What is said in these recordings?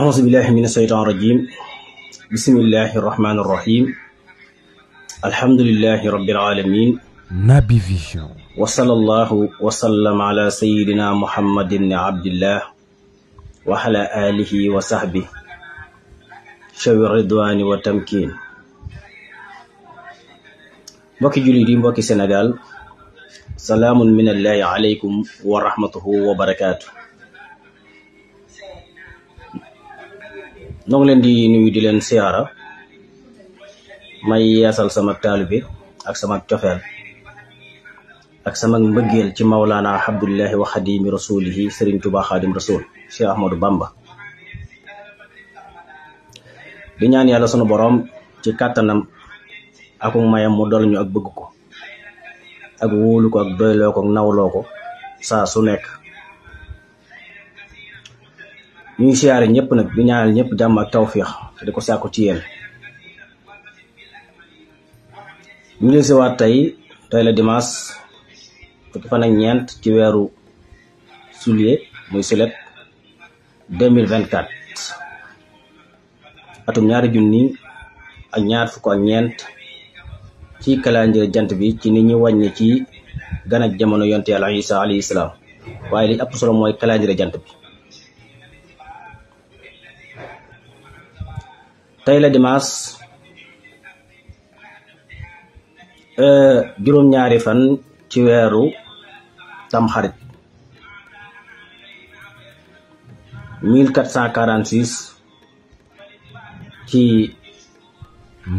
أعوذ بالله من الشيطان الرجيم بسم الله الرحمن الرحيم الحمد لله رب العالمين نبي فيشن وصلى الله وسلم على سيدنا محمد بن عبد الله وعلى آله وصحبه شوي الرضوان والتمكين بك jullit yi سنغال سلام من الله عليكم ورحمته وبركاته noo leen di nuyu di leen siyaara may yeesal sama taalibe ak sama tiofel ak sama mbëggeel ci maulana abdullahi wa khadim rasulih serigne tuba khadim rasul cheikh ahmadou bamba di ñaan yalla sunu borom ci katanam aku mayam mu dolñu ak bëgg ko ak wuluko ak sa ko ko su nekk ñu siyaré ñëpp nak di ñaanal ñëpp jàmm ak tawfiix te di ko sàkku ci yeen ñu ngi leen si waat tay tay la dimas fukki fan ak ñent ci wéru juillet moy silet 2024 atum ñaari junni ak ñaar fukk ak ñent ci calendrier jant bi ci ni ñi wàññi ci gan ak jamono yonte yàlla isa alayhi salam waye li ëpp solo moy calendrier jant bi tey la dimanche euh, juróom-ñaari fan ci weeru tamxarit 1446 ci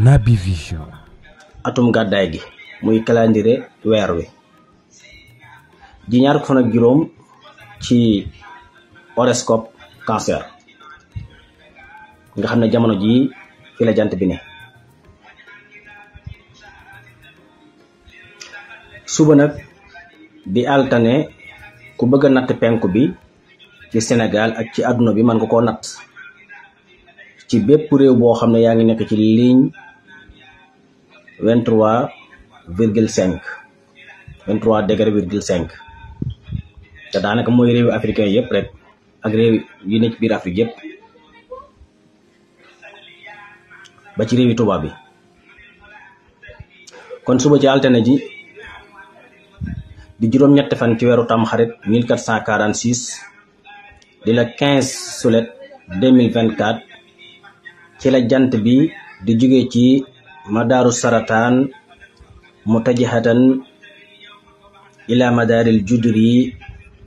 Naby Vision atum gàddaay gi muy calendrier weer wi ji ñaar ko fan juróom ci horoscope cancer nga xamne jamono ji fi la jant bi ne suba nak di altane ku bëgg nat penku bi ci senegal ak ci aduna bi man nga ko nat ci bépp réew bo xamne ne yaa ngi ci ligne 23,5 virgule 5 23 degré virgule 5 te daanaka mooy réewi africain yëpp rek ak réew yu nekk biir Afrique yëpp ba ci réewi tubaab bi kon suba ci altine ji di juróom-ñetti fan ci weeru tamxarit 1446 di la 15 sulet 2024 ci la jant bi di jóge ci madaaru sarataan mutajihatan ila madaaril judri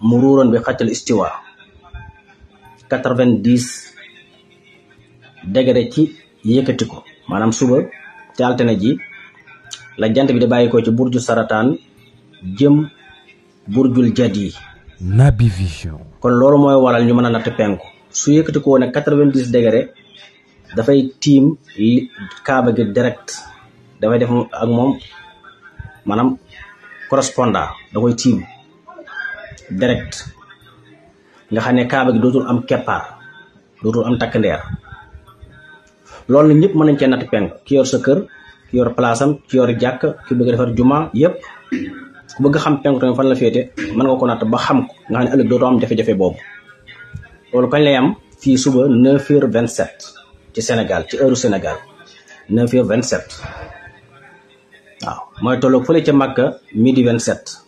muruuran bi xaccal istiwa 90 ci yëkkati ko maanaam suba ci altine ji la jant bi di bàyyi ko ci burju sarataan jëm burjul jat yi bi Vision kon loolu mooy walal ñu mën a natt penku su yëkkatikoo ko woon quatre degré dafay tiim kaaba gi direct dafay def ak moom maanaam correspondant da tiim direct nga xam ne kaaba gi dootul am keppaar dootul am takk ndeer loolu ñepp mën nañ cee natt penk ki yor sa kër ki yor place am ki yor jakk ki bëgg defar juma yépp ku bëgg xam penku tamit fan la fété man nga ko nat ba xam ko nga ni ëlëk do dootoo am jafé jafe boobu loolu kañ lay am fi suba 9 h 27 ci Sénégal ci heure Sénégal 9 h 27 waaw moy tolo fële ci Makka midi 27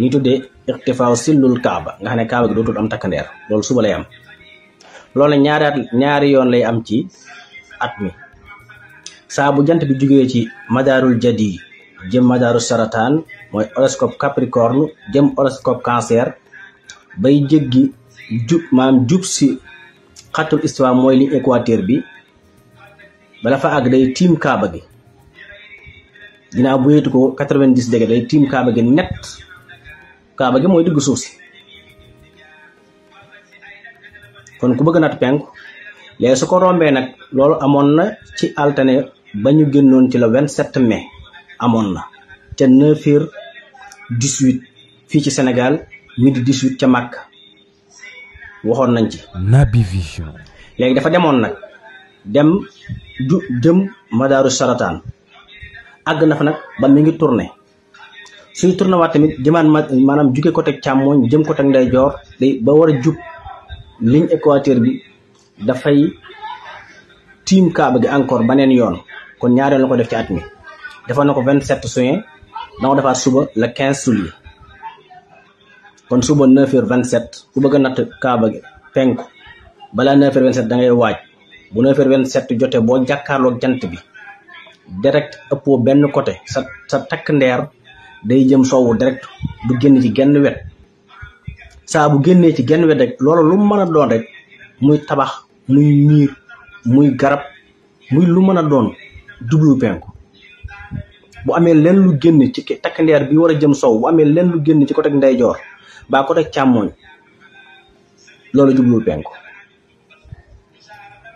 ni tuddé tuddee silul kaaba nga xane kaaba gi dootul am takandeer loolu suba lay am lolé ñaari at ñaari yoon lay am ci at mi bu jant bi jugé ci madarul jadi jëm madarul saratan, moy horoscope capricorne jëm horoscope cancer bay jéggi jub maam jub ci khatul istiwa moy li équateur bi bala fa àgg day tim kaba gi dina bu yetu ko 90 degré day tim kaba gi net kaba gi moy dug suuf kon ku bëgg nat penku léegi su ko rombee nag loolu amoon na ci altane ba ñu génnoon ci le 27 mai amoon na ca 9 heures 18 fii ci Sénégal midi 18 ca Màkk waxoon nañ ci. Naby Vision. léegi dafa demoon nag dem du jëm Madaaru Sarataan àgg na fa nag ba mi ngi tourné suy tourné waat tamit jëmaan maanaam jugee côté càmmooñ jëm côté ndeyjoor ba war a jub. ligne équateur bi dafay tiim kaaba gi encore baneen yoon kon ñaareel la ko def ci at mi defoon na ko 27 juin da ko defaat suba le 15 juillet kon suba 9h27 ku bëgg natt kaaba gi penku balaa 9h27 da ngay waaj bu 9h27 jotee boo jàkkaarloog jant bi direct ëppoo benn côté sa sa takk ndeer day jëm soowu direct du génn ci genn wet saa bu génnee ci genn wet loolu loola lu mën a doon rek muy tabax muy miir muy garab muy lu mën a doon jublu penku bu amee lenn lu génn ci takk bi war a jëm sow bu amee lenn lu génn ci côté ndeyjoor baa côté càmmooñ loolu jublu penku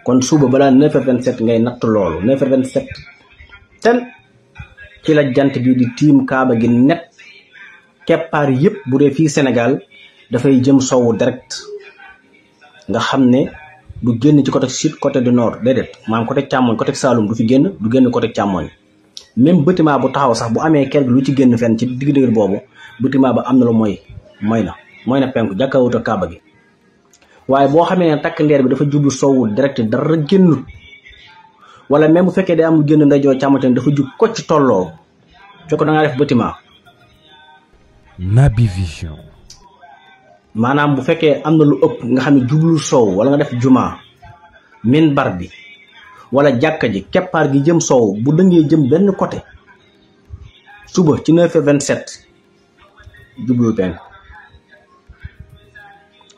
kon suba balaa 9h27 ngay natt loolu 9h27 ten ci la jant bi di tiim kaaba gi net keppaar yëpp bu dee fii senegal fay jëm sowu direct nga xamne du génn ci côté sud côté du nord dedet manam côté càmmoñ côté salum du fi génn du génn côté càmmoñ même bâtiment bu taxaw sax bu amé kër lu ci génn fenn ci digg-digg bobu bâtiment ba amna lo moy moy na moy na penku jàkkaawut ak gi waye bo xamé tak ndeer bi dafa jublu sowu direct dara génn wala même bu fekkee day am génn ndeyjoor càmmoñ tamit dafa jub ko ci ci ko da nga def bâtiment Naby Vision manam bu fekke amna lu upp nga xamni djublu sow wala nga def juma minbar bi wala jakka ji keppar gi jëm sow bu dëngee jëm ben côté suba ci 9h27 djublu penku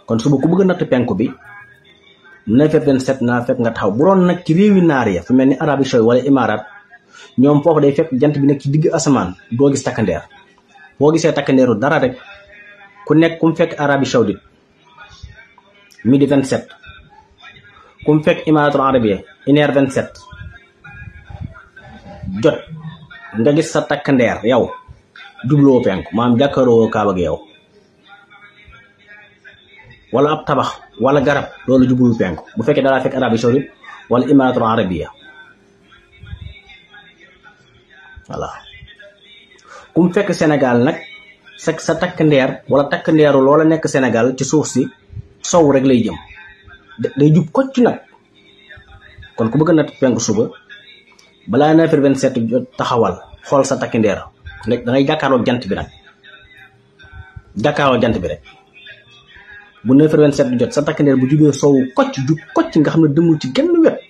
kon suba ku bëgg a natt penku bi 9h27 na fek nga taw bu ron nak ci rewi naar ya fu melni ni arabi wala imarat ñom fofu day fek jant bi nak ci digg asman do gis takandere bo gisé takandere dara rek ku nekk ku fekk Arabie Saoudite midi ku mu fekk Émirats arabes une heure jot nga gis sa takk ndeer yow jubloo penku maam jàkkaaroo kaaba gi yow wala ab tabax wala garab loolu jublu penku bu fekkee dara fekk Arabie Saoudite wala Émirats arabes voilà ku mu fekk Sénégal nag. sek sa tak ndeer wala tak ndeeru lola nek senegal ci souf ci sow rek lay jëm day ko ci nak kon ku bëgg na penk suba bala na fer 27 taxawal xol sa tak ndeer nek da ngay jàkkaarloog jant bi nak jàkkaarloog jant bi rek bu na fer 27 jot sa takkandeer bu jubee sow kocc ju kocc nga xamne demul ci genn wet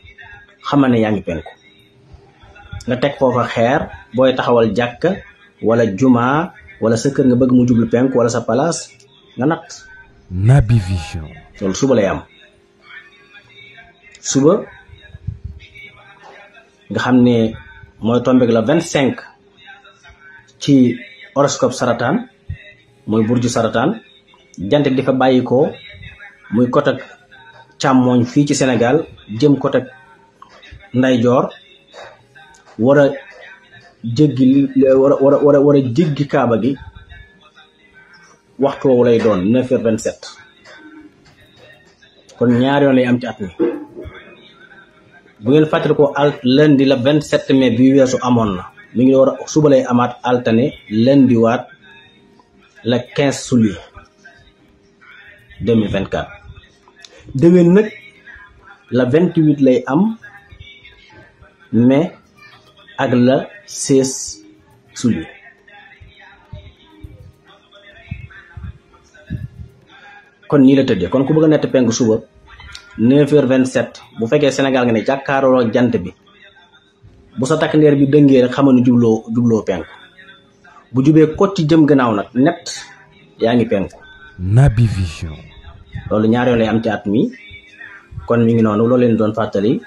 xamane yaangi yaa nga xeer boy taxawal jakka wala jumaa wala sa kër nga bëgg mu jublu penk wala sa palaas nga nat nabi vision loolu suba lay am suba nga xamné moy tombé la 25 ci horoscope saratan moy burju saratan, jant difa bayiko bàyyikoo muy kotak chamoñ fi ci Senegal, jëm kotak ndeyjoor war jéggi war a war a war a war kaaba gi waxtu woowu lay doon neuf heures vingt sept kon ñaar yoon lay am ci at mi bu ngeen fàttali ko al la vingt bi weesu amoon na mi ngi war a suba lay amaat altane lundi waat la quinze juillet deux mille vingt quatre la lay am mai ak la 6 sulit. kon ni la tëddee kon ku bëgg net nett suba 9h27 bu fekkee Sénégal nga jakkaro lo jant bi bu sa takk ndeer bi dëngé rek xamal djublo djublo jubloo bu djubé kot ci jëm gënaaw nak net yaangi ngi nabi Vision. loolu ñaar yo lay am ci at mi kon mi ngi nonu loolu leen doon fàttali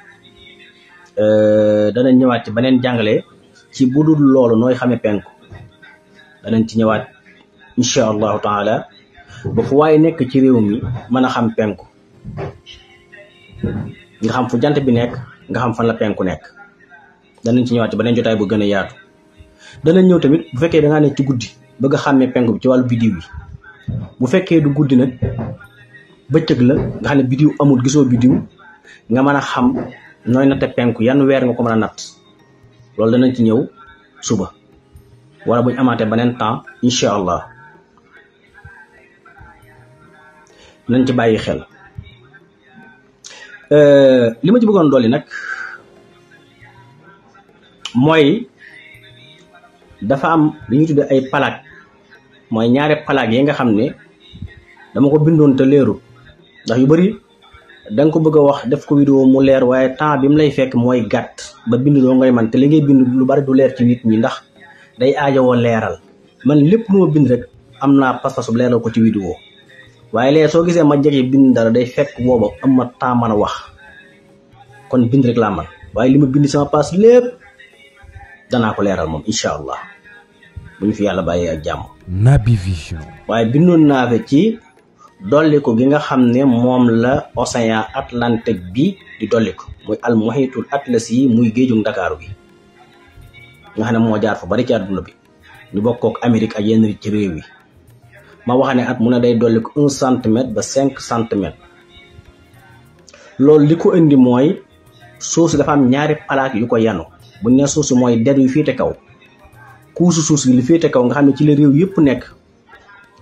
euh, dana ñëwaat ci benen jàngale. ci budul loolu nooy xamee penku danañ ci ñëwaat incha allahu taala ba fu waaye nekk ci réew mi mën a xam penku nga xam fu jant bi nekk nga xam fan la penku nekk danañ ci ñëwaat ba beneen jotaay bu gën a yaatu danañ ñëw tamit bu fekkee da ngaa nekk ci guddi bëgg a xàmmee penku bi ci wàllu bidiw yi bu fekkee du guddi nag bëccëg la nga xam ne bidiw amul gisoo bidiw nga mën a xam nooy natte penku yan weer nga ko mën a natt lol danañ ci ñew suba wala buñ amaatee benen temps inshallah allah nañ ci bayyi xel euh lima ci bëggoon doli nak moy dafa am li ñu tuddee ay palaag moy ñaari palaag yi nga xamné dama ko bindoon te leeru ndax yu bari da nga ko bëgg a wax def ko vidéo mu leer waaye temps bi mu lay fekk mooy gàtt ba bind doo ngay man te li ngay bind lu bari du leer ci nit ndax day aajowoo leeral man lépp lu ma am naa pas-pas bu leeral ko ci vidéo waaye léegi soo gisee ma jege bind dara day fekk booba am ma temps man a wax kon bind rek laa man waaye li ma bind sama paas lépp danaa ko leeral moom incha allah bu ñu fi yàlla bàyyee ak jàmm. Naby Vision. waaye bindoon naa ko ci. dolli ko gi nga xam ne moom la océan Atlantique bi di dolli ko muy al muhitul atlas yi muy géejug ndakaaru bi nga xam ne moo jaar fa bari ci àdduna bi ñu bokkook Amérique ak yenn ci réew yi ma wax ne at mu ne day dolli ko un centimètre ba cinq centimètre loolu li ko indi mooy suuf si dafa am ñaari palaak yu ko yanu bu ne suuf si mooy der yu féete kaw kuusu suuf si li féete kaw nga xam ne ci la réew yëpp nekk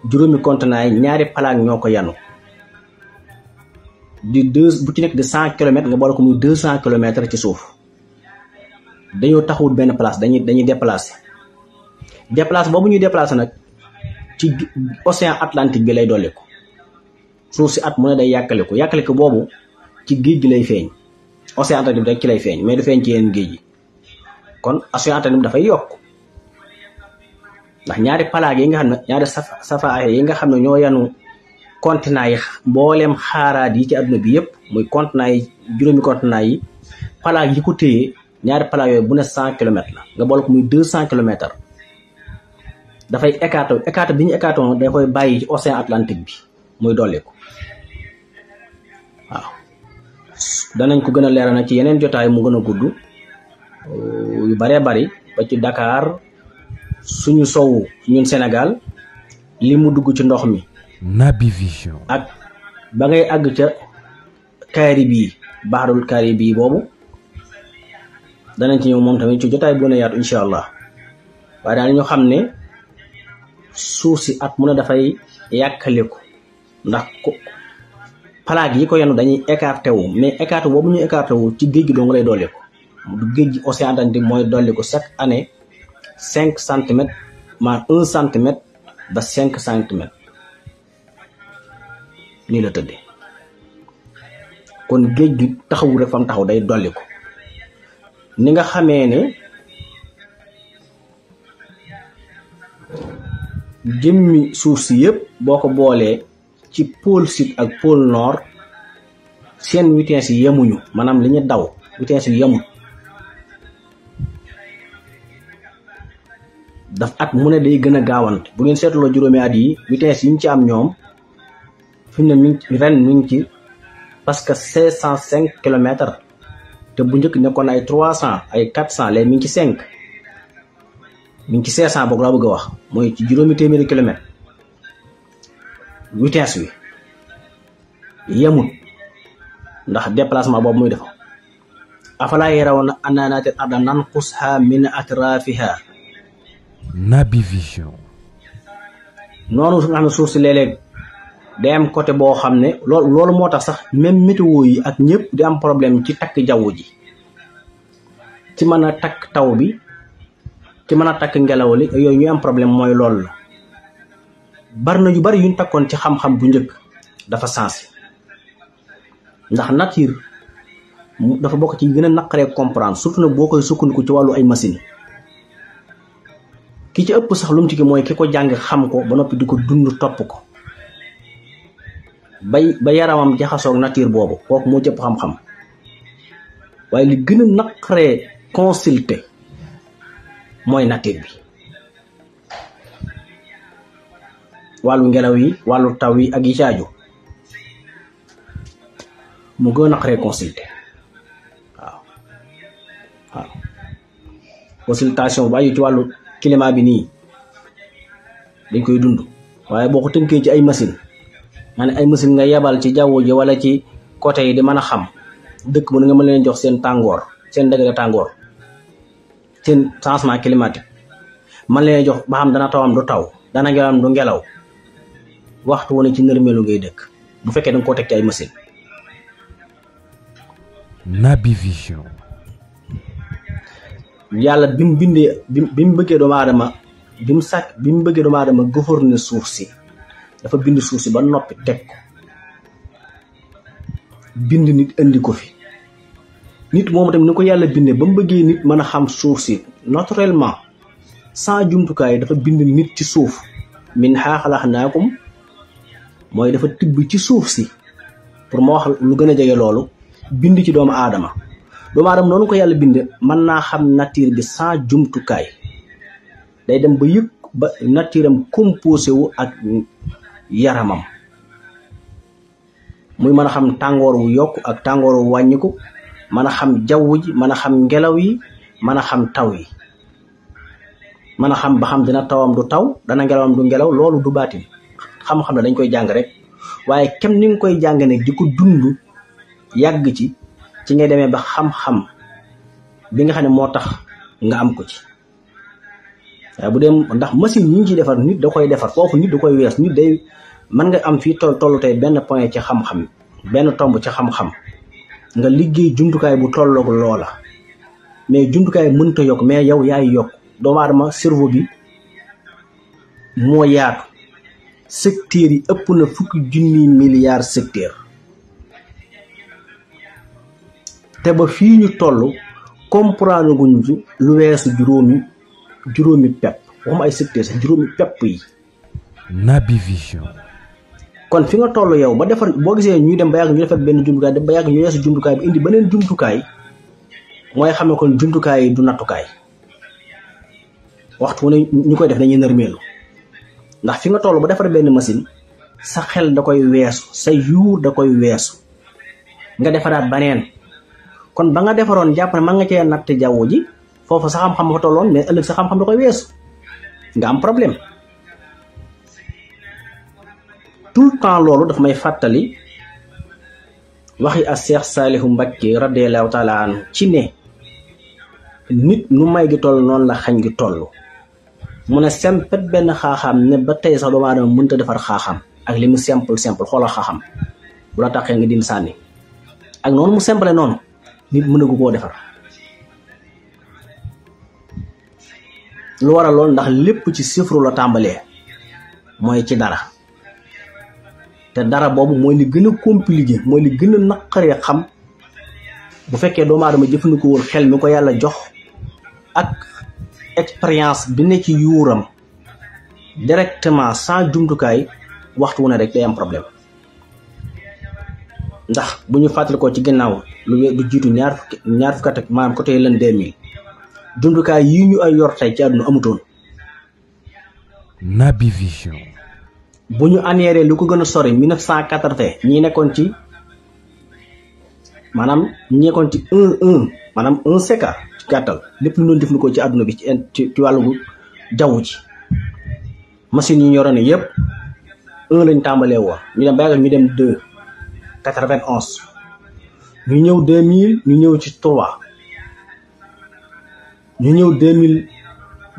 juróomi conteneurs yi ñaari palaak ñoo ko yanu di deux bu ci nekk di cent kilomètres nga boole ko muy deux cent kilomètres ci suuf dañoo taxawul benn place dañuy dañuy déplacé déplacé boobu ñuy déplacé nag ci océan Atlantique bi lay dolli ko suuf si at mu ne day yàkkale ko yàkkale ko boobu ci géej gi lay feeñ océan Atlantique bi rek ci lay feeñ mais du feeñ ci yeneen géej kon océan Atlantique dafay yokk ndax ñaari palaag yi nga xam ne ñaari safa safa yi nga xam ne ñoo yanu continent yi mbooleem xaaraat yi ci adduna bi yëpp muy continent yi juróomi continent yi palaag yi ko téye ñaari palaag yooyu bu ne cent kilomètres la nga boole ko muy deux cent kilomètres dafay écarté écarté bi ñu écarté da koy bàyyi ci océan Atlantique bi muy dolliku waaw danañ ko gën a leeral nag ci yeneen jotaay mu gën a gudd euh, yu bare bari ba ci Dakar suñu sowu ñun Sénégal li mu dugg ci ndox mi. Naby Vision. ak ba ngay àgg ca Caraïbes yi Baharul Caraïbes yi boobu danañ ci ñëw moom tamit ci jotaay bu ne yaatu incha allah waaye daal ñu xam ne suuf si at mu ne dafay yàkkaliku ndax ko plaque yi ko yenu dañuy écarté wu mais écarté boobu ñu écarté wu ci géej gi dong lay dolli ko géej gi océan Atlantique mooy dolli ko chaque année. cinq centimètres ma un centimètre ba cinq centimètres nii la tëddee kon géej gi taxawu rek fa taxaw day dolli ko ni nga xamee ne jëmmi suuf si yëpp boo ko boolee ci pôle sud ak pôle nord seen vitesse yi yemuñu maanaam li ñu daw vitesse yi daf at mune day gëna gaawant bu ngeen sétlo juroomi at yi bu tess yiñ ci am ñoom fi ne ren ñu ci parce que 605 km te bu ñëk nekkon ay 300 ay 400 les mi ci 5 mi ngi ci 500 bokk la bëgg wax moy ci juroomi témer km bu tess wi yamut ndax déplacement bobu muy def afala yarawna annana tatadan nanqusha min atrafiha Nabi Vision. nonu nga xam ne suuf si day am côté bo xamne lolou motax sax même météo yi ak ñepp di am problème ci tak jawu ji ci mëna tak taw bi ci mëna tak ngelaw li yoy ñu am problème moy lolou barna bari yu bari yuñ takkon ci xam-xam bu njëkk dafa sensé ndax nature dafa bok ci gëna nakare comprendre surtout nag bokay koy ci walu ay machine ki ci ëpp sax lu mu mooy ki ko jàng xam ko ba noppi di ko dund topp ko bay ba yaramam jaxasoog nature boobu kook moo ci ëpp xam-xam waaye li gën a naqaree consulter mooy nature bi wàllu ngelaw yi wàllu taw yi ak yi caaju mu gën a naqaree consulter waaw consultation bu aju ci wàllu climat bi nii dañ koy dund waaye boo ko tënkee ci ay machine maanaam ay machine nga yebal ci jaww ji wala ci côté yi di mën a xam dëkk bu nga mën leen jox seen tàngoor seen degré tàngoor seen changement climatique mën leen jox ba xam dana tawam du taw dana ngelawam du ngelaw waxtu wu ci ci melo ngay dëkk bu fekkee da nga koo teg ci ay machine Naby Vision yàlla bi mu bindee bi bi mu bëggee doomu aadama bi mu sàkk bi mu bëggee doomu aadama gouverner suuf si dafa bind suuf si ba noppi teg ko bind nit indi ko fi nit moom tamit ni ko yàlla bindee ba mu bëggee nit mën a xam suuf si naturellement saa jumtukaay dafa bind nit ci suuf min xaaxalax naakum mooy dafa tibb ci suuf si pour ma wax lu gën a jege loolu bind ci doomu aadama doomu aadama noonu ko yàlla binde mën naa xam nature bi sans jumtukaay day dem ba yëg ba nature am wu ak yaramam muy mën a xam tàngoor wu yokk ak tàngoor wu wàññiku mën a xam jaww ji mën a xam ngelaw yi mën a xam taw yi mën a xam ba xam dina tawam du taw dana ngelawam du ngelaw loolu du baatin xam-xam ne dañ koy jàng rek waaye kem ni koy jàng nag di ko dund yàgg ci ci ngay demee ba xam-xam bi nga xam ne moo tax nga am ko ci waaye bu dee ndax machine ñu ngi ciy defar nit da koy defar foofu nit da koy wees nit day mën nga am fi toll tollu tey benn point ci xam-xam benn tomb ci xam-xam nga liggéey jumtukaay bu tolloog loola mais jumtukaay mënta yokk mais yow yaay yokk doomu aadama cerveau bi moo yaatu secteur yi ëpp na fukk junniy milliards secteur te ba fi ñu tollu comprendre guñ ci lu weesu juróomi juróomi pepp waxuma ay secteur sax juróomi pep yi nabi vision kon fi nga ya, yow ba defal bo gisee ñuy dem ba yag ñu defar benn jumtukaay dem ba yag ñu yeesu jumtukaay bi indi beneen jumtukaay moy xamé kon jumtukaay du nattukaay waxtu ne ñu koy def dañuy nërmeelu ndax fi nga tollu ba defal benn machine sa xel da koy weesu sa yuur da koy weesu nga defaraat baneen kon ba nga defaron japp ne ma nga cee natte jaww ji foofu sa xam-xam fa tolon mais euleuk sa xam-xam da koy nga am problème tout temps lolu daf may fatali waxi a Cheikh salih Mbacke radiallahu taala an ci ne nit nu may gi toll non la xagn gi tollu mu ne sempet benn ne ba tay sax ma aadama munta defar xaxam ak limu simple simple xoolal xaxam bu la taxee nga din ak non. mu simple non nit mënagu koo defar lu waral lool ndax lépp ci sifru la tàmbalee mooy ci dara te dara boobu mooy li gën a compliqué mooy li gën a naqaree xam bu fekkee doomaadama aadama woon xel mi ko yàlla jox ak expérience bi ne ci yuuram directement sans jumtukaay waxtu wu ne rek day am problème ndax bu ñu fàttalikoo ci ginnaaw lu du jiitu ñaar fukki ñaar fukki at ak maanaam côté l'an jumtukaay yi ñu ay yor tey ci àdduna amutoon. Naby Vision. bu ñu aneeree lu ko gën a sori 1980 ñi nekkoon ci maanaam ñi nekkoon ci un maanaam un CECA ci gàttal lépp lu ñu doon ko ci àdduna bi ci ci ci wàllu jaww ji machine yi ñu yoroon yëpp un tàmbalee woon ñu dem bàyyi ñu dem quatre vingt ñu ñëw deux mille ñu ñëw ci trois ñu ñëw deux mille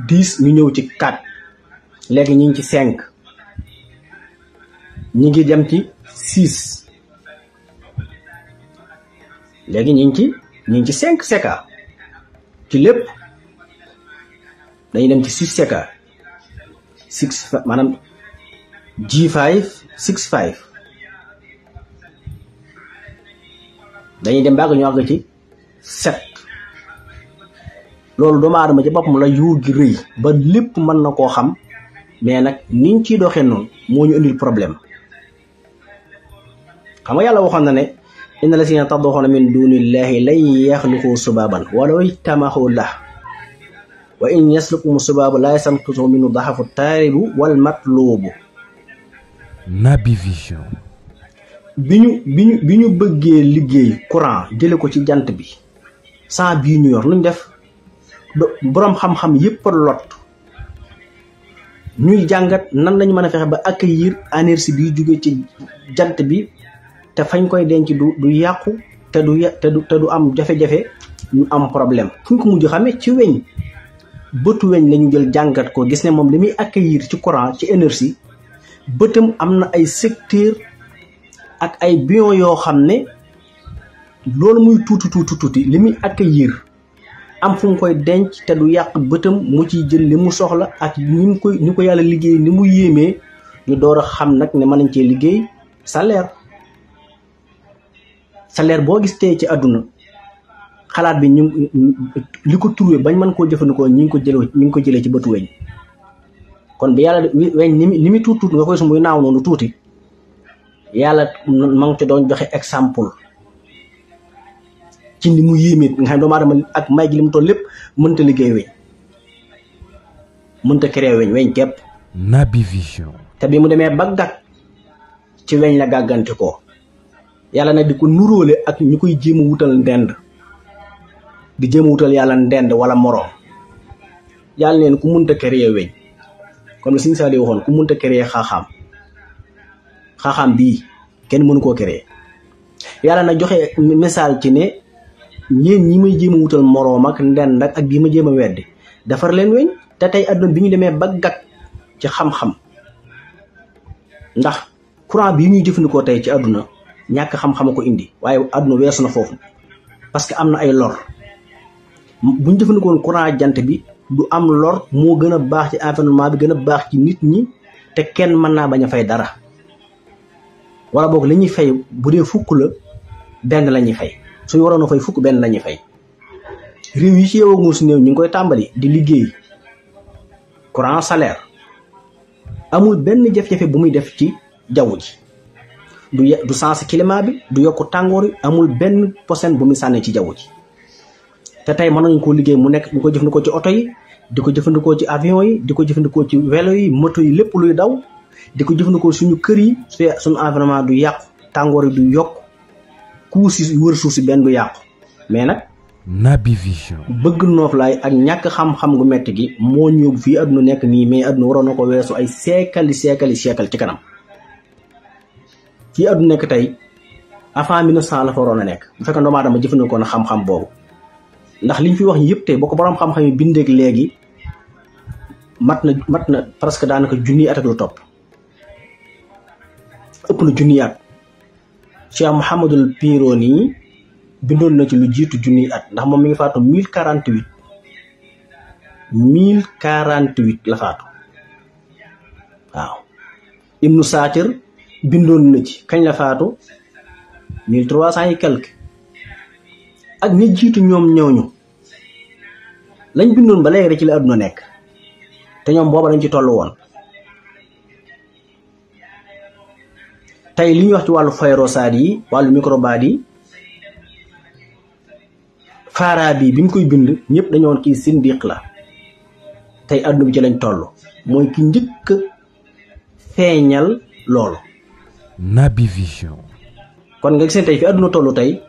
dix ñu ñëw ci quatre léegi ñu ngi ci cinq ñu ngi dem ci six léegi ñu ngi ci ñu ngi ci cinq CK ci lépp dañuy dem ci six CK six maanaam G5 six five dañuy dem bàgg ñu àgg ci set loolu doomu aadama ci bopp mu la yu gi rëy ba lépp mën na koo xam mais nag niñ ciy doxee noonu moo ñu indil problème xam nga yàlla waxoon na ne inna lasina tadduxoona min dunillahi lan yaxluqu subaban walaw ijtamaxu la wa in yaslukum subaabu la yasamkisu minu daxafu taaribu wal matluubu Naby Vision bi ñu bi ñu bëggee liggéey courant jële ko ci jant bi sant bii ñu yor lu ñu def boroom xam-xam yépp lot ñuy jàngat nan lañu mën a fexe ba accueillir énergie bi jóge ci jant bi te fañ koy denc du du yàqu te du te du am jafe-jafe ñu am problème fu ñu ko mujj xamee ci weñ bëtu weñ lañu jël jàngat ko gis ne moom li muy accueillir ci courant ci énergie bëtam am na ay secteur ak ay bion yoo xam ne loolu muy tuuti tuuti tuuti li ak accueillir am fu mu koy denc te du yàq bëtam mu ciy jël li mu soxla ak ni mu ko yàlla liggéey ni mu yéemee ñu door a xam nag ne mën nañ cee liggéey saleer saleer boo gis tey ci àdduna xalaat bi ñu li ko trouvé bañ mën koo jëfandikoo ñi ngi ko jëlee ñi ngi ko jëlee ci bëtu weñ kon bi yàlla weñ ni mu ni mu tuut nga koy su naaw noonu tuuti yàlla ma ngi ci doon joxe exemple ci ni mu yéeme nga xam ne ak may gi li mu toll lépp mënta liggéey weñ mënta créer weñ weñ képp. bi Vision. te bi mu demee ba gàtt ci weñ la gàggante ko yàlla nag di ko nuróole ak ñu koy jéem a wutal ndend di jéem wutal yàlla ndend wala moroom yàlla neen ku mënta créer weñ comme ni Sëñ Saaliw waxoon ku mënta créer xaaxaam. xaaxaam bii kenn mënu koo créer yàlla na joxe misaal ci ne ñeen ñi may jéem a wutal moroom ak ndend ak ak bi ma jéem a weddi defar leen weñ te tey adduna bi ñu demee ba gàkk ci xam-xam ndax courant bi ñuy jëfandikoo tey ci àdduna ñàkk xam ko indi waaye àdduna weesu na foofu parce que am na ay lor bu ñu jëfandikoon courant jant bi du am lor moo gën a baax ci environnement bi gën a baax ci nit ñi te kenn mën naa bañ a fay dara wala boog lañuy ñuy fay bu dee fukk la benn la ñuy fay suñu waroon a fukk benn la fay réew yi ci yow nguur néew ñu ngi koy tàmbali di liggéey courant salaire amul benn jafe-jafe bu muy def ci jaww ji du du sens climat bi du yokk tàngoor yi amul benn posen bu muy sànnee ci jaww ji te tey mën nañu koo liggéey mu nekk ñu ko jëfandikoo ci oto yi di ko jëfandikoo ci avion yi di ko jëfandikoo ci welo yi moto yi lépp luy daw di ko jëfandikoo suñu kër yi suñu environnement du yàqu tàngoor yi du yokk kuus yi wër suuf si benn du yàqu mais nag. naa Naby Vision. bëgg laay ak ñàkk xam-xam gu métti gi moo ñëw fii àdduna nekk nii mais àdduna waroon na ko weesu ay seekali seekali seekal ci kanam fii àdduna nekk tey avant 1900 la fa waroon a nekk bu fekkee doomu aadama jëfandikoo na xam-xam boobu ndax liñ fi wax yëpp tey boo ko borom xam-xam yi bindeeg léegi mat na mat na presque daanaka junniy at ak topp. ëpp lu junni at Cheikh Mouhamadul bindoon na ci lu jiitu junniy at ndax moom mi ngi faatu mille quarante huit mille quarante huit la faatu waaw Ibnu Saatir bindoon na ci kañ la faatu mille trois cent et quelque ak ni jiitu ñoom ñooñu lañ bindoon ba léegi rek ci la àdduna nekk te ñoom a lañ ci tollu woon tey li ñuy wax ci wàllu fayrosaat yi wàllu microbaat yi Farabi bi mu koy bind ñëpp dañoo woon kii sindiq la tey àdduna bi ci lañ toll mooy ki njëkk feeñal loolu. Naby Vision. kon nga gisee tey fi toll tey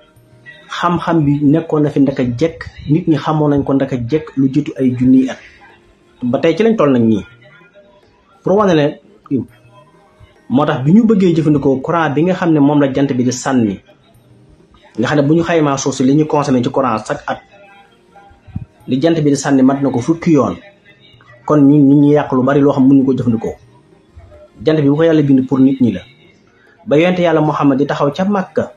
xam bi nekkoon na fi ndaka jekk nit ñi xamoon nañ ko ndaka jekk lu jiitu ay junniy ba tey ci lañ toll nañ nii pour wane leen motax biñu bëggee jëfëndiko courant bi nga xamne mom la jant bi di sanni nga xamne buñu xayma soosu liñu consommer ci courant sax at li jant bi di sanni mat nako ko fukki yoon kon ñu ñi ñu yàq lu bari lo xam buñu ko jëfëndiko jant bi bu ko yalla bind pour nit ñi la ba yent yalla Muhammad di taxaw ca makka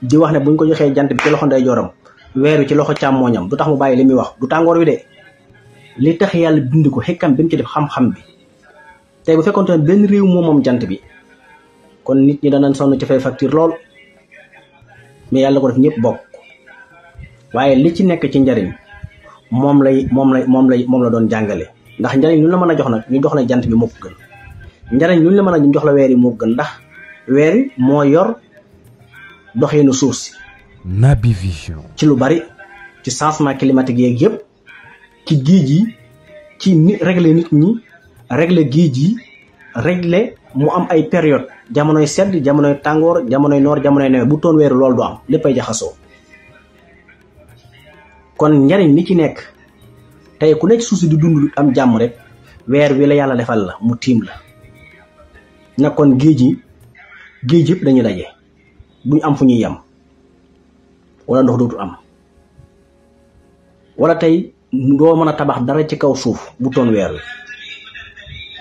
di wax ne buñ ko joxe jant bi ci loxo joram wéru ci loxo càmmooñam du tax mu bayyi limi wax du tangor wi de li tax yalla bind ko xëkkam bim ci def xam-xam bi te bu fekkoon ne benn réew moo moom jant bi kon nit ñi danañ sonn ci fay facture lool mais yàlla ko def ñëpp bokk waaye li ci nekk ci njariñ moom lay moom la moom lay moom la doon jàngale ndax njariñ lu la mën a jox nag ñu jox la jant bi moo gën njariñ lu la mën a jox la weeri moo gën ndax weer moo yor doxinu suuf si. Naby Vision. ci lu bari ci changement climatique yeeg yëpp ci géej yi ci ni régler nit ñi. régler géej regle régler mu am ay période jamono sedd jamono tangor jamono noor jamono new bu ton wéru lol do am leppay jaxaso kon njariñ ni ci nek tay ku nek suuf di dund am jamm rek wér wi la yalla defal la mu tim la na kon géej yi am fu ñuy wala ndox dootu am wala tay do mën tabax dara ci kaw suuf bu ton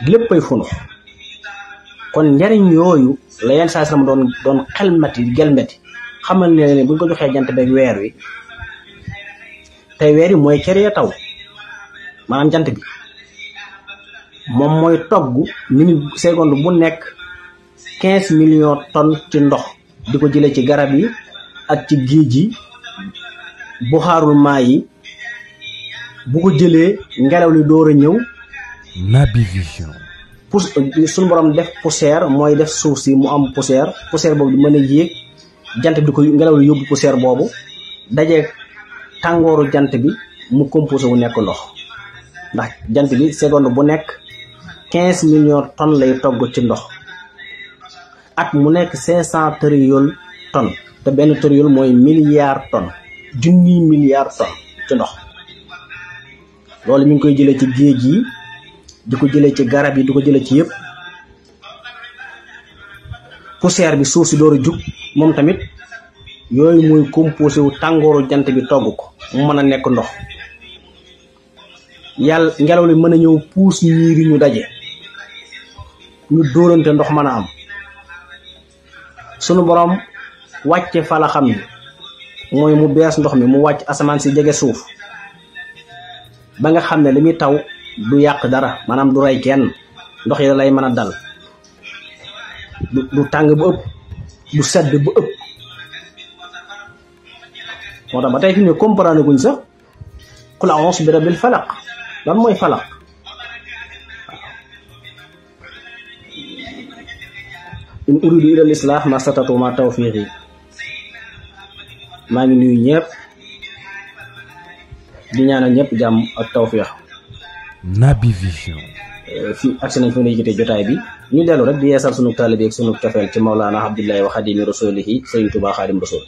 leppay funu kon ñariñ yoyu la yenn saa salam doon doon xelmati gelmati xamal ne ne ko joxe jant beeg weer wi tay weer yi mooy cere ya taw manam jant bi mom moy toggu minute seconde bu nek 15 millions tonnes ci ndox diko ko ci garab yi ak ci géej buharul mayi bu ko jëlee ngelaw li door nabivision pour Sun borom def poussière moy def suuf si mu am poussière poussière bobu meuna mën jant bi ko ngelaw yob poussière bobu dajé tangoru jant bi mu composé wu nek ndox ndax jant bi seconde bu nek 15 millions tonnes lay togg ci ndox at mu nek 500 trillion ton te ben trillion moy milliard ton junni milliard ton ci ndox lolou mi ngi koy jëlé ci géej yi diko jele cegara ci garab yi diko jele jëlee ci yépp poussière bi dooru juk mom tamit yoy moy composé wu tangoro jant bi togg ko mu meuna nek ndox yal ngelaw li meuna ñew pous ñu daje ñu dóorante ndox meuna am sunu borom fa fala xam moy mu bes ndox mi mu wacc asaman si jégué suuf ba nga xamné limi taw du yak dara manam du ray kenn ndox yi ya lay mën dal du tang bu upp du sedd bu upp moo tax ba fi ne comprendre guñ sax qul a'uuzu bi rabbil falaq lan moy falaq in uridu ila islah ma satatu ma tawfiqi main ngi nuyu ñepp di ñaanal ñepp jam ak tawfiq Naby Vision. Euh, fii ak nañ fi mu jotee jotaay bi ñu dellu rek di yeesal sunu taalibe ak sunu cofeel ci Mawlaana Abdullahi wa Xaadimi Rasuulihi Sëriñ Tuubaa Xaadim Rasuul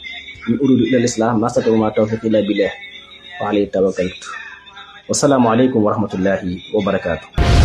in uriidu illal islaah mastata wa maa tawfiiqi bi billaah wa alayhi tawakkaltu wassalaamu aleykum wa rahmatullahi wa barakaatu.